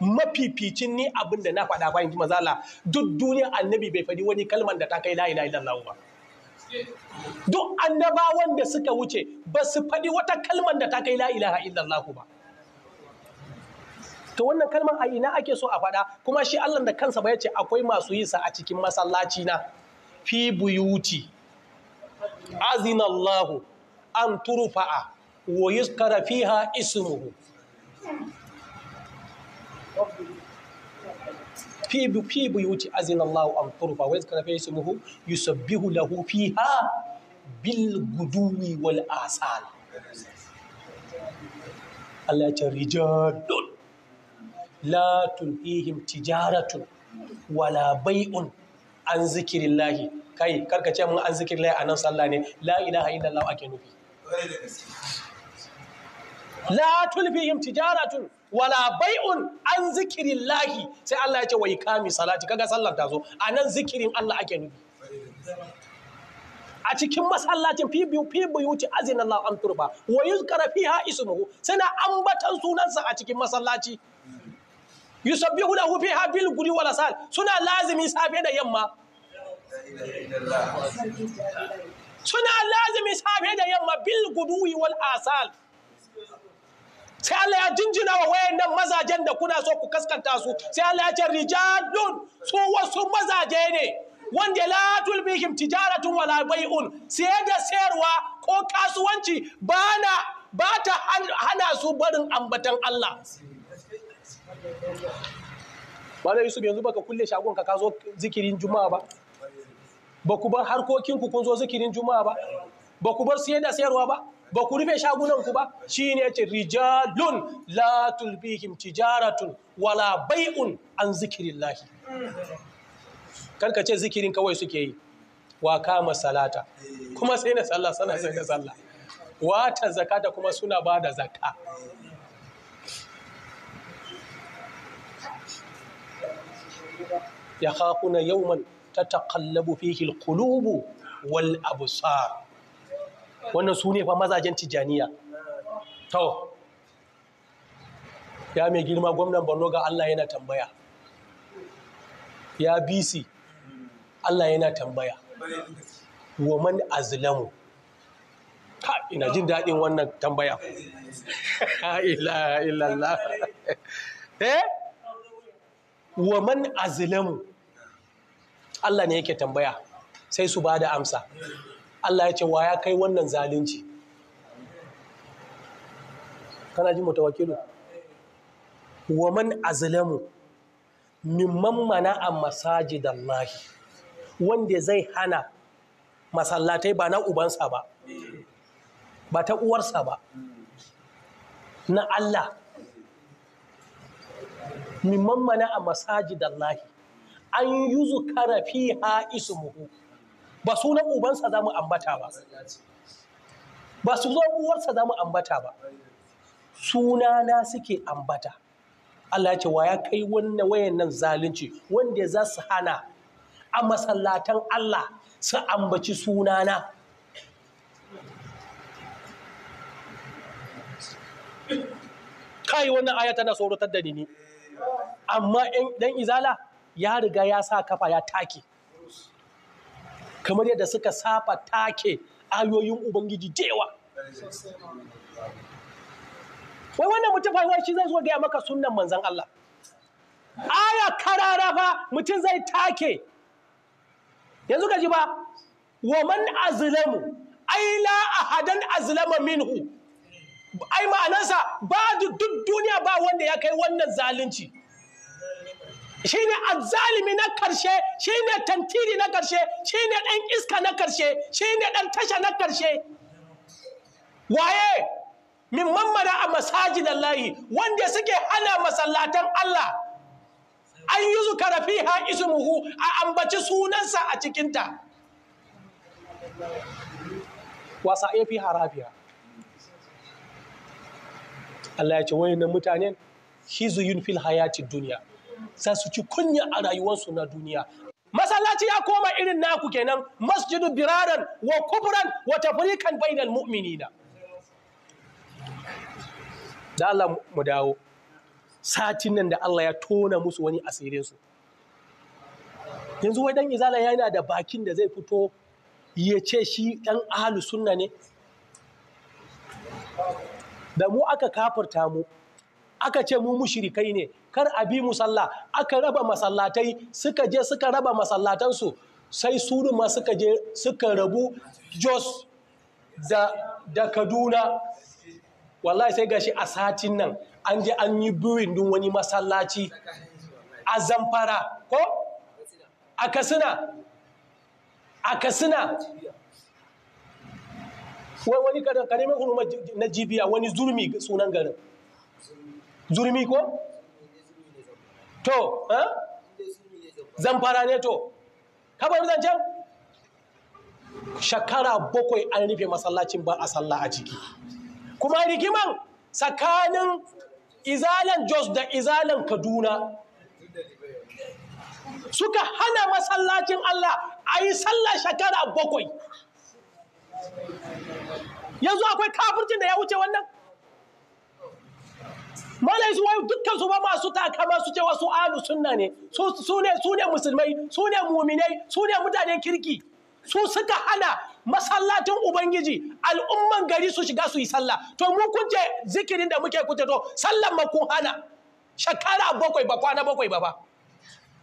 mafificin ni abinda da na faɗa bayan maza Allah duk duniya annabi bai faɗi wani kalman da ta kai la ilaha illallah ba duk annabawan da suka wuce ba su faɗi wata kalmar da ta kai la ilaha illallah ba to wannan kalman a ina ake so a faɗa kuma shi Allah da kansa ba ya ce akwai masu sa a cikin masallaci na fi buyuti azinallahu an turfa'a wa yuskara fiha ismuhu fi bu fi azinallahu an turfa wa yazkara fi ismuhu yusabbihu lahu fiha bil guduwi wal asal Allah ya ce rijadun la tulhihim tijaratun wala bai'un an zikirillahi kai karkace mun an zikirillahi anan sallah ne la ilaha illallah ake nufi la tulfihim tijaratun wala bai'un an zikirin lahi sai Allah ya ce wa ikami salati kaga sallar ta zo a nan zikirin Allah ake nufi a cikin masallacin fi buyuti azin Allah an turba wa yuzkara fiha ismuhu suna ambatan sunansa a cikin masallaci yusabbihu lahu fiha bil guri wal asal suna lazimi safe da yamma suna lazimi safe da yamma bil guduwi wal asal sai Allah ya jinjina wa wayannan mazajen da kuna so ku kaskanta su sai Allah ya ce rijalun su wasu mazaje ne wanda la tulbihim tijaratun wala bai'un sai da sayarwa ko kasuwanci bana ba ta hana su barin ambatan Allah Malam Yusuf yanzu baka kulle shagon ka zo zikirin Juma'a ba ba ku bar harkokin ku kun zo zikirin Juma'a ba ba ku bar siyar da sayarwa ba ba ku rufe shagunan ku ba shine yace rijalun la tulbihim tijaratun wala bai'un an zikrillah ka ce zikirin kawai suke yi wa kama salata kuma sai na sallah sana sai da sallah wata da kuma suna ba da zaka ya khafuna ta tataqallabu fihil alqulubu wal absar wannan su ne fa mazajen tijaniya to ya mai girma gwamnan borno ga allah yana tambaya ya bc allah yana tambaya wa azlamu ha ina jin daɗin wannan tambaya illallah eh wa man azlamu allah ne yake tambaya sai su ba da amsa Allah ya ce wa ya kai wannan zalunci kana ji mutawakkilu wa man azlamu mimman mana a masajidallahi wanda zai hana masallatai ba na ubansa ba ba ta uwarsa ba na Allah mimman mana a masajidallahi an yuzu fi ha ismuhu ba sunan ubansa za mu ambata ba ba su zo uwarsa za mu ambata ba sunana suke ambata Allah ce wa ya kai wannan wayan nan zalunci wanda za su hana a masallatan Allah su ambaci sunana kai wannan aya tana tsorotar da ni amma dan izala ya riga ya sa kafa ya take kamar yadda suka saba take ayoyin ubangiji jewa wai wannan mutum fa shi zai zo gaya maka sunan manzan Allah aya karara fa mutum zai take yanzu ka ji ba wa man azlamu ai la ahadan azlama minhu ai ma'anarsa ba duk duniya ba wanda ya kai wannan zalunci shine azzalimi na karshe shine tantiri na karshe shine dan iska na karshe shine dan tasha na karshe waye min mammara a masajidan layi wanda suke hana masallatan Allah an yi fiha ismuhu a ambaci sunansa a cikinta wasa iya fi harabiya. Allah ya ce wayannan mutanen hizuyun fil hayati duniya za su ci kunya a rayuwarsu na duniya masallaci ya koma irin naku kenan masjidu biraran wa kubran wa tafriqan bainal mu'minina da Allah mu dawo satin nan da Allah ya tona musu wani asirin su yanzu wai dan izala yana da bakin da zai fito ya ce shi dan ahlu sunna ne da mu aka kafarta mu aka ce mu mushrikai ne kar a bi musalla aka raba masallatai suka je suka raba masallatansu sai su ma suka je suka rabu jos da, da kaduna wallahi sai gashi a satin nan an je an yi buwin din wani masallaci a zamfara ko a kasina a kasina wani karimin na jibiya wani zurmi sunan garin zurmi ko to eh? zan fara ne to kabar can? shekara bakwai an rufe masallacin ba a sallah a ciki kuma rigiman tsakanin izalan jos da izalan kaduna suka hana masallacin allah a yi sallah shekara bakwai yanzu akwai kafircin da ya wuce wannan malai su wai dukkan su ba masu takama su cewa su alu sunna ne su ne su ne musulmai su ne muminai su ne mutanen kirki su suka hana masallacin ubangiji al'umman gari su shiga su yi sallah to mu kun je zikirin da muke kuta to sallan ma kun hana shekara bakwai ba kwana bakwai ba ba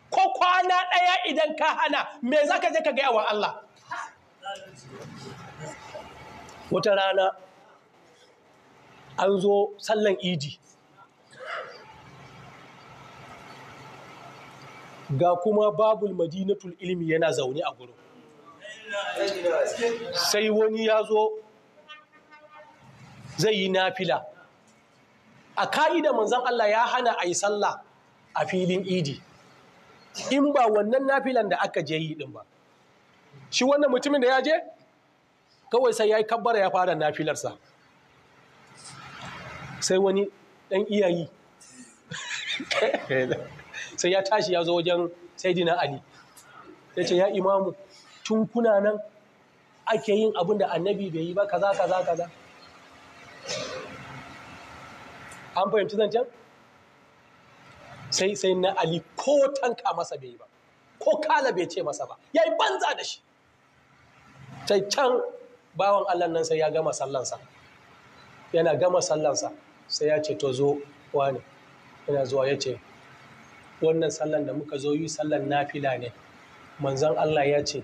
ko kwana ɗaya idan ka hana me za ka je ka gaya wa Allah wata rana an zo sallan idi ga kuma babul madinatul ilimi yana zaune a gurin sai wani ya zo zai yi nafila a ka'ida manzan Allah ya hana a yi sallah a filin idi in ba wannan nafilan da aka je yi din ba shi wannan mutumin da ya je kawai sai ya yi kabbara ya fara nafilarsa sai wani ɗan iyayi sai ya tashi ya zo wajen saidina ali ya ce ya imamu tun kuna nan ake yin abin da annabi bai yi ba kaza kaza kaza an fahimci zancen sai sai na ali ko tanka masa bai yi ba ko kala bai ce masa ba ya yi banza da shi sai can bawan allah nan sai ya gama sallansa yana gama sallansa sai ya ce to zo wani yana zuwa ya ce wannan sallan da muka zo yi sallan nafila ne manzon Allah ya ce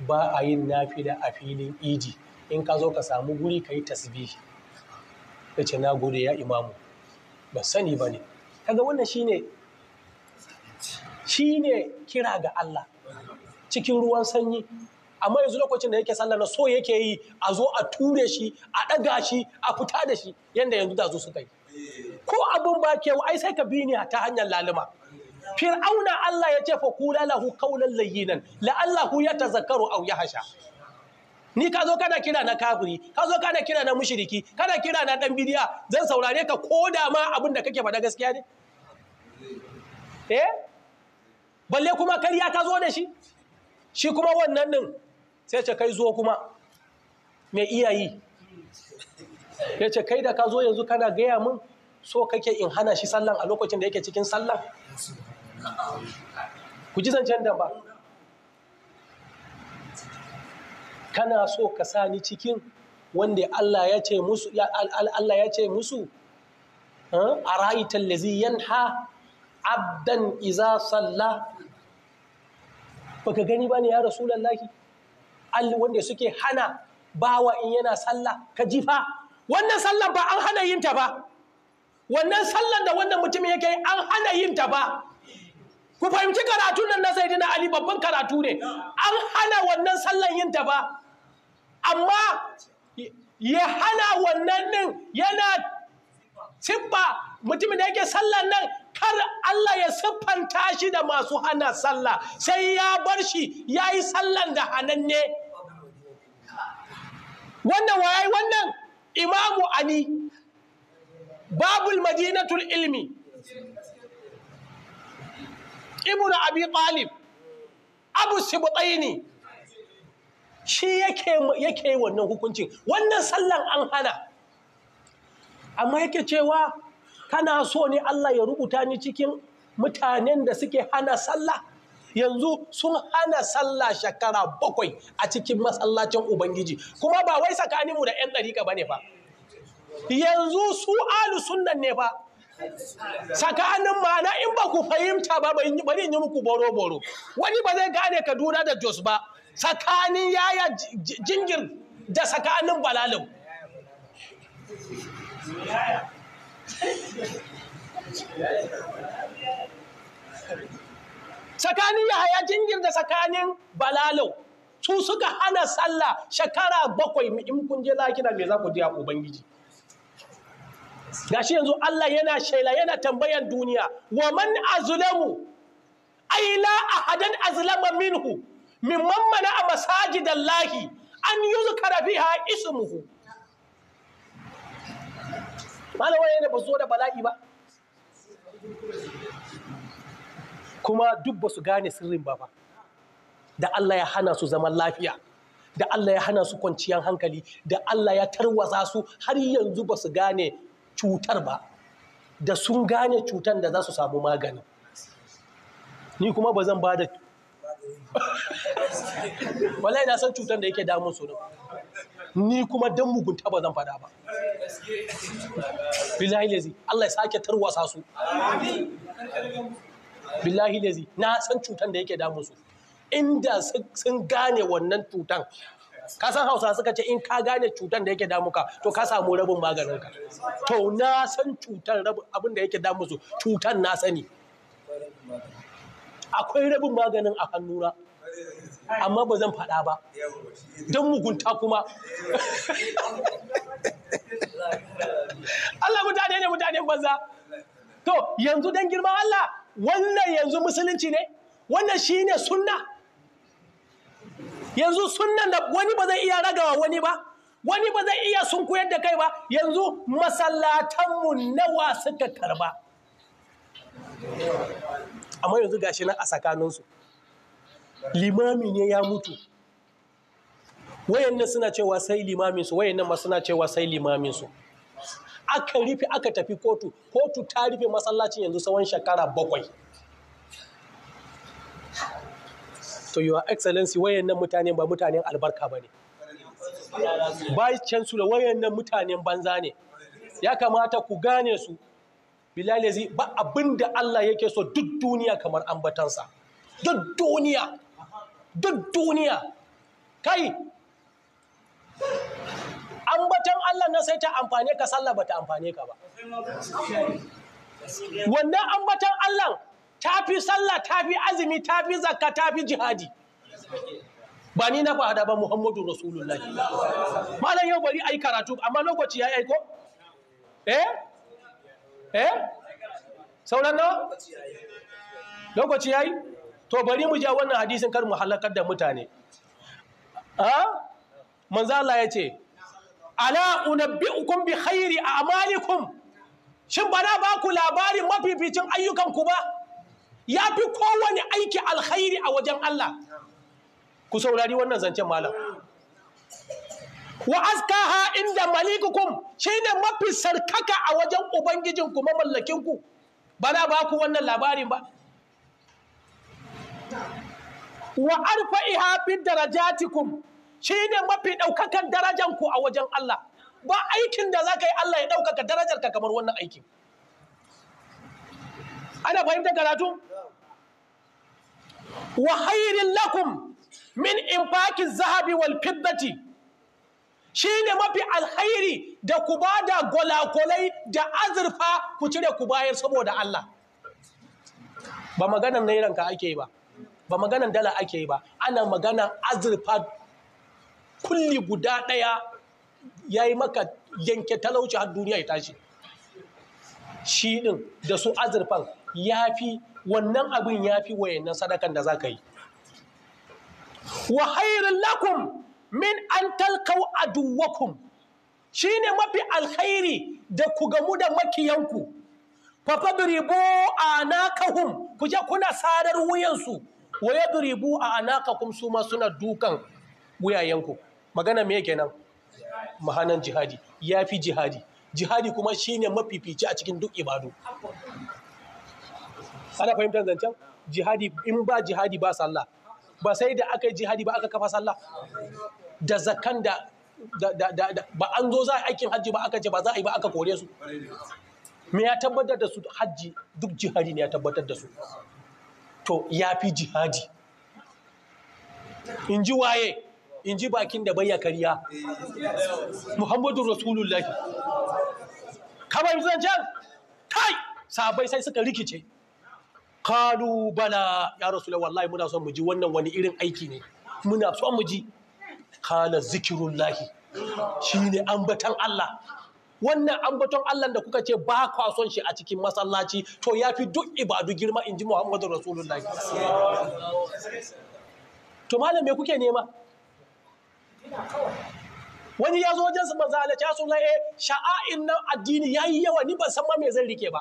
ba a yin nafila a filin idi in ka zo ka samu guri ka yi tasbihi ya ce na gode ya imamu ba sani ba ne kaga wannan shine ne kira ga Allah cikin ruwan sanyi amma yanzu lokacin da yake sallah na so yake yi a zo a ture shi a ɗaga shi a fita da shi yanda yanzu da zo suka yi ko abun ba ke ai sai ka bi ni ta hanyar laluma. fir'auna Allah ya ce fa kula lahu qawlan layyinan la'allahu yatazakkaru aw yahsha ni ka zo kana kira na kafiri ka zo kana kira na mushriki kana kira na dan bidiya zan saurare ka koda ma abin da kake faɗa gaskiya ne eh balle kuma kariya ka zo da shi shi kuma wannan din sai ce kai zo kuma mai iyayi ya ce kai da ka zo yanzu kana gaya mun so kake in hana shi sallan a lokacin da yake cikin sallan ku ji zancen da ba kana so ka sa ni cikin wanda Allah ya ce musu Allah ya ce musu a ra'itan lazi yanha abdan iza salla baka gani ba ne ya rasulallahi wanda suke hana bawa in yana sallah ka jifa wannan sallan ba an hana yin ta ba wannan sallan da wannan mutum yake an hana yin ta ba ku fahimci karatun nan na saidina ali babban karatu ne an hana wannan sallan yin ta ba amma ya hana wannan din yana siffa mutumin da yake sallan nan kar Allah ya siffanta shi da masu hana sallah sai ya bar shi ya yi sallan da hananne wannan wayayi wannan imamu ali babul madinatul ilmi ibnu abi talib abu sibtaini shi yake yake wannan hukuncin wannan sallan an hana amma yake cewa kana so ne Allah ya rubuta ni cikin mutanen da suke hana sallah yanzu sun hana sallah shekara bakwai a cikin masallacin ubangiji kuma ba wai tsakaninmu da 'yan ɗarika ba ne ba yanzu su alu sunnan ne ba tsakanin ma'ana in ba ku fahimta ba bari in yi muku boro-boro wani ba zai gane kaduna da jos ba tsakanin yaya jingir da tsakanin balalim tsakanin yahaya jingir da tsakanin balalau su suka hana sallah shekara bakwai in kun je lakina me za ku je a ubangiji gashi yanzu Allah yana shaila yana tambayan duniya wa man azlamu ay la ahadan azlama minhu mimman mana a masajidallahi an yuzkara biha ismuhu malama ne ba zo da bala'i ba kuma duk basu gane sirrin ba da Allah ya hana su zaman lafiya da Allah ya hana su kwanciyar hankali da Allah ya tarwatsa su har yanzu basu gane cutar ba da sun gane cutar da za su samu magani ni kuma ba zan ba da wallahi na san cutar da yake damun su ni kuma dan mugunta ba zan fada ba billahi lazi Allah ya sake tarwasa su billahi lazi na san cutar da yake damun su inda sun gane wannan cutar. ka san hausa suka ce in ka gane cutar da yake damuka to ka samu rabin maganin ka to na san cutar rabin abin da yake damu su cutar na sani akwai rabin maganin a hannuna amma ba zan faɗa ba don mugunta kuma Allah mutane ne mutane banza to yanzu don girman Allah wannan yanzu musulunci ne wannan shine sunna yanzu sunnan da wani ba zai iya ragawa wani ba wani ba zai iya sun koyar da kai ba yanzu masallatanmu nawa suka karba amma yanzu gashi nan a tsakaninsu limami ne ya mutu wayannan suna cewa sai limaminsu wayannan ma suna cewa sai limaminsu aka rufe aka tafi kotu kotu ta rufe masallacin yanzu tsawon shekara bakwai to your excellency nan mutanen ba mutanen albarka ba ne da wayan wayannan mutanen banza ne ya kamata ku gane su bilal yazi ba abin da Allah yake so duk duniya kamar ambatansa duk duniya duk duniya kai ambatan Allah na sai ta amfane ka sallah ba ta amfane ka ba wannan ambatan Allah ta fi sallah ta fi azumi ta fi zakka ta fi jihadi ba ni na fahada ba muhammadu rasulullahi malam yau bari ai karatu amma lokaci ya aiko eh eh sauran na, lokaci ya yi to bari mu ja wannan hadisin kar mu halakar da mutane ha manzo Allah ya ce ala unabbi'ukum bi khairi a'malikum shin ba na ba ku labarin mafificin ayyukanku ba ya fi kowane aiki alkhairi a wajen Allah ku saurari wannan zancen malam wa azkaha inda malikukum shine mafi sarkaka a wajen ubangijin ku mamallakin ku Bana ba ku wannan labarin ba wa arfa'iha bi darajatikum shine mafi daukakan darajan ku a wajen Allah ba aikin da zaka yi Allah ya daukaka darajar ka kamar wannan aikin ana fahimtar karatu wa lakum min infakin zahabi wal fiddati shine mafi alhairi da ku da gwalakwalai da azurfa ku cire ku bayar saboda Allah ba maganan nairanka ake yi ba ba maganan dala ake yi ba ana maganan azurfa kulli guda ɗaya ya yi maka yanke talauci har duniya ya tashi shi ɗin da su azurfan ya fi wannan abin ya fi wayannan sadakan da za ka yi wa hairun lakum min an talkau aduwakum shi ne mafi alkhairi da ku gamu da makiyanku duribu a anakahum ku je kuna sadar wuyansu wa duribu a anakahum su ma suna dukan wuyayenku magana me kenan mahanan jihadi ya fi jihadi jihadi kuma shine mafifici a cikin duk ibadu ana fahimtar zancen jihadi in ba jihadi ba sallah ba sai da aka yi jihadi ba aka kafa sallah da zakan da ba an zo za a aikin hajji ba aka ce ba za a yi ba aka kore su me ya tabbatar da su hajji duk jihadi ne ya tabbatar da su to ya fi jihadi in ji waye in ji bakin da bayya kariya muhammadu rasulullahi kamar zancen kai sabai sai suka rikice qalu bala ya rasulullah wallahi muna son mu ji wannan wani irin aiki ne muna son mu ji qala zikrullahi shine ambaton Allah wannan ambaton Allah da kuka ce ba kwa son shi a cikin masallaci to yafi duk ibadu girma in ji Muhammadu Rasulullahi. To malam me kuke nema? Wani ya zo wajen su manzo Allah ya sunan eh sha'a'in nan addini yayi yawa ni ban san ma me zan rike ba.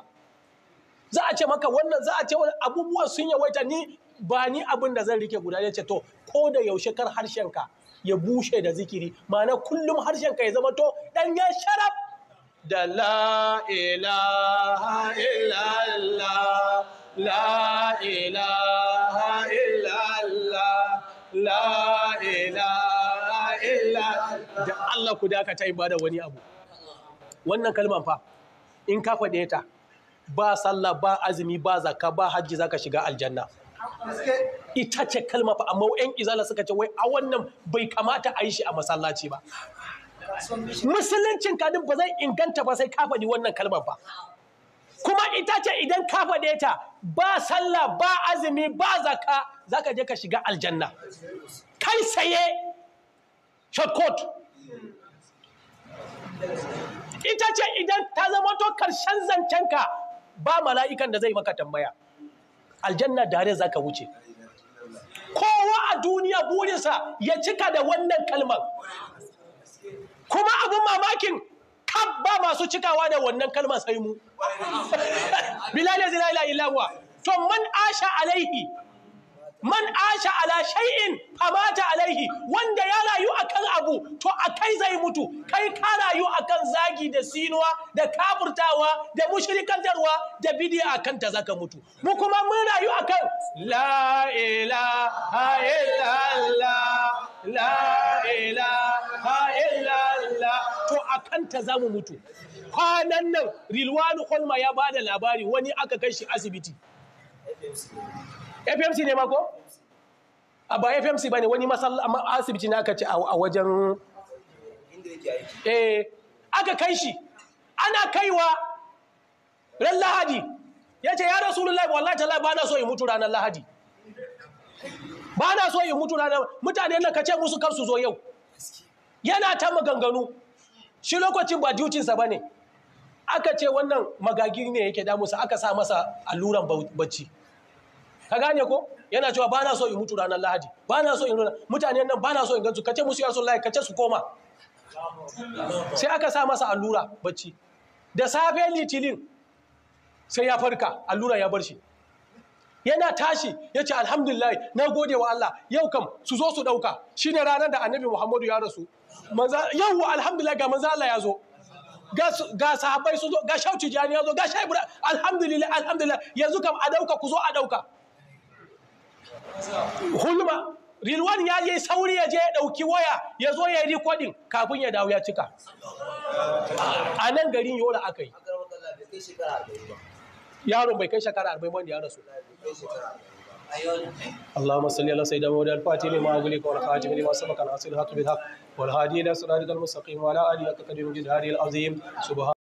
za a ce maka wannan za a ce wani abubuwa sun yawaita ni ba ni abin da zan rike guda ya ce to ko da yaushe kar harshenka ya bushe da zikiri ma'ana kullum harshenka ya zama to dan ya sharaf da la ilaha illallah la ilaha illallah la ilaha illallah da Allah ku dakata ibada wani abu wannan kalman fa in ka faɗe ta ba sallah ba azumi ba zaka ba hajji zaka shiga aljanna ita ce kalma fa amma yan izala suka ce wai a wannan bai kamata a yi shi a masallaci ba musuluncin kadin ba zai inganta ba sai ka faɗi wannan kalmar ba kuma ita ce idan ka faɗe ta ba sallah ba azumi ba zaka zaka je ka shiga aljanna kai saye shortcut ita ce idan ta zama to karshen ka. ba mala'ikan da zai maka tambaya aljanna dare zaka wuce kowa a duniya burinsa ya cika da wannan kalmar kuma abin mamakin ba masu cikawa da wannan kalmar sai mu bilal zai la to man asha alaihi aisha ala shay'in famata alaihi wanda ya rayu akan abu to akai zai mutu kai ka rayu akan zagi da sinuwa da kafurtawa da mushrikantarwa da bid'a kan ta zaka mutu mu kuma mun rayu akan la ilaha illallah la ilaha illallah to akan ta zamu mutu kwanan nan rilwanu kolma ya bada labari wani aka kai shi asibiti fmc ne mako A ba fmc ba ne wani asibiti na aka ce a wajen eh aka kai shi ana kaiwa ran lahadi ya ce ya rasulullahi wallahi ta ba na so in mutu ranar lahadi ba na so in mutu ranar mutane na kace musu kar su zo yau yana ta maganganu shi lokacin ba dutinsa ba ne aka ce wannan magagi ne yake damusa aka sa masa alluran bacci ka gane ko yana cewa ba na so in mutu ranar lahadi ba na so in rana mutanen nan ba na so in gansu kace musu yarsu lahi kace su koma sai aka sa masa allura bacci da safe litilin sai ya farka allura ya bar shi yana tashi ya ce alhamdulillah na gode wa Allah yau kam su zo su ɗauka shi ne ranar da annabi Muhammadu ya rasu yau alhamdulillah ga manza Allah ya zo ga sahabai su zo ga shauci jani ya zo ga shaibura alhamdulillah alhamdulillah yanzu kam a ɗauka ku zo a ɗauka hulma rilwan ya yi sauri ya je ya ɗauki waya ya zo ya yi rikodin kafin ya dawo ya cika a nan garin yola aka yi yaron bai kai shekara arba'in wanda ya rasu اللهم صل على سيدنا محمد الفاتح لما أغلق والخاتم لما سبق ناصر الحق بالحق والهادي إلى صراطك المستقيم وعلى آله العظيم سبحان